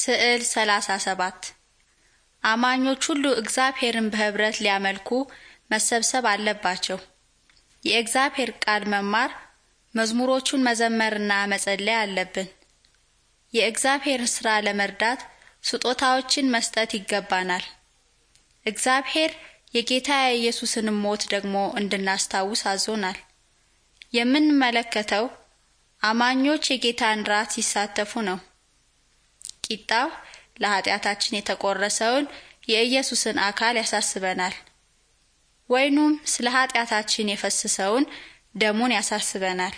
ስዕል 37 አማኞች ሁሉ እግዚአብሔርን በህብረት ሊያመልኩ መሰብሰብ አለባቸው። የእግዚአብሔር ቃል መማር፣ መዝሙሮቹን መዘመርና መጸለይ አለብን። የእግዚአብሔር ሥራ ለመርዳት ስጦታዎችን መስጠት ይገባናል። እግዚአብሔር የጌታ የኢየሱስንም ሞት ደግሞ እንድናስታውስ አዞናል። የምንመለከተው አማኞች የጌታን ራት ሲሳተፉ ነው። ቂጣው ለኃጢአታችን የተቆረሰውን የኢየሱስን አካል ያሳስበናል። ወይኑም ስለ ኃጢአታችን የፈሰሰውን ደሙን ያሳስበናል።